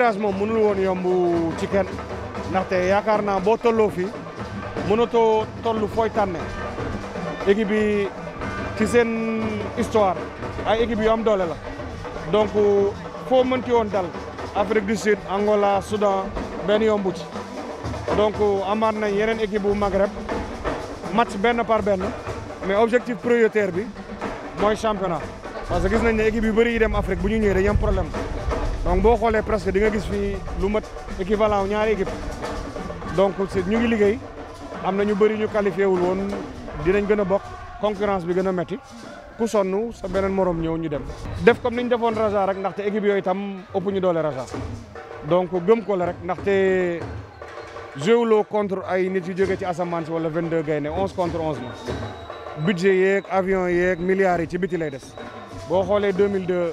virage moom mënul woon yombu ci kenn ndaxte yaakaar naa boo tolloo fii mënatoo toll fooy tànne équipe bi ci seen histoire ay équipe yu am doole la donc foo mënti woon dal Afrique du Sud Angola Soudan benn yombu ci donc amaat nañ yeneen équipe bu Maghreb match benn par benn mais objectif prioritaire bi mooy championnat parce que gis nañ ne équipe yu bëri yi bu ñu ñëwee dañuy problème donc bo xolé presque di nga gis fi lu mat équivalent ñaari équipe donc ñu ngi liggéey amna ñu bari ñu qualifié wul won dinañ gën a concurrence bi gëna metti ku sonu sa benen morom ñew ñu dem. def comme niñ ñu Raja rek ndaxte équipe yoy tam ëpp ñu doole Raja donc gëm ko la rek ndaxte lo contre ay nit yu jógee ci asamaan wala 22 gaynde 11 contre 11 budget yek avion yek milliards ci biti lay des bo xolé 2002.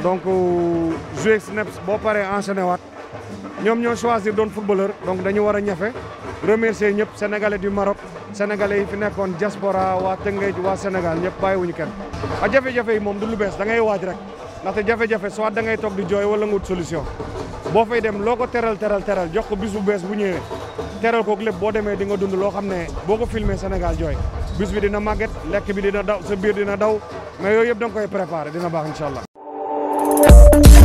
donc euh, joué snaps boo paree enchaîné waat ñoom ñoo choisir doon footballeur donc dañu war a ñafe remercier ñëpp sénégalais du Maroc sénégalais yi fi nekkoon diaspora waa Tëngéej waa Sénégal ñëpp bàyyiwuñu kenn. a ah, jafe-jafe yi moom du lu bees da ngay waaj rek ndaxte jafe-jafe soit da ngay toog di jooy wala nga wut solution boo fay dem loo ko teral teral teral jox ko bis bu bees bu ñëwee teral kook lépp boo demee di nga dund loo xam ne boo ko filmé Sénégal jooy bis bi dina màgget lekk bi dina daw sa biir dina daw mais yooyu yëpp da nga koy préparé dina baax allah. Música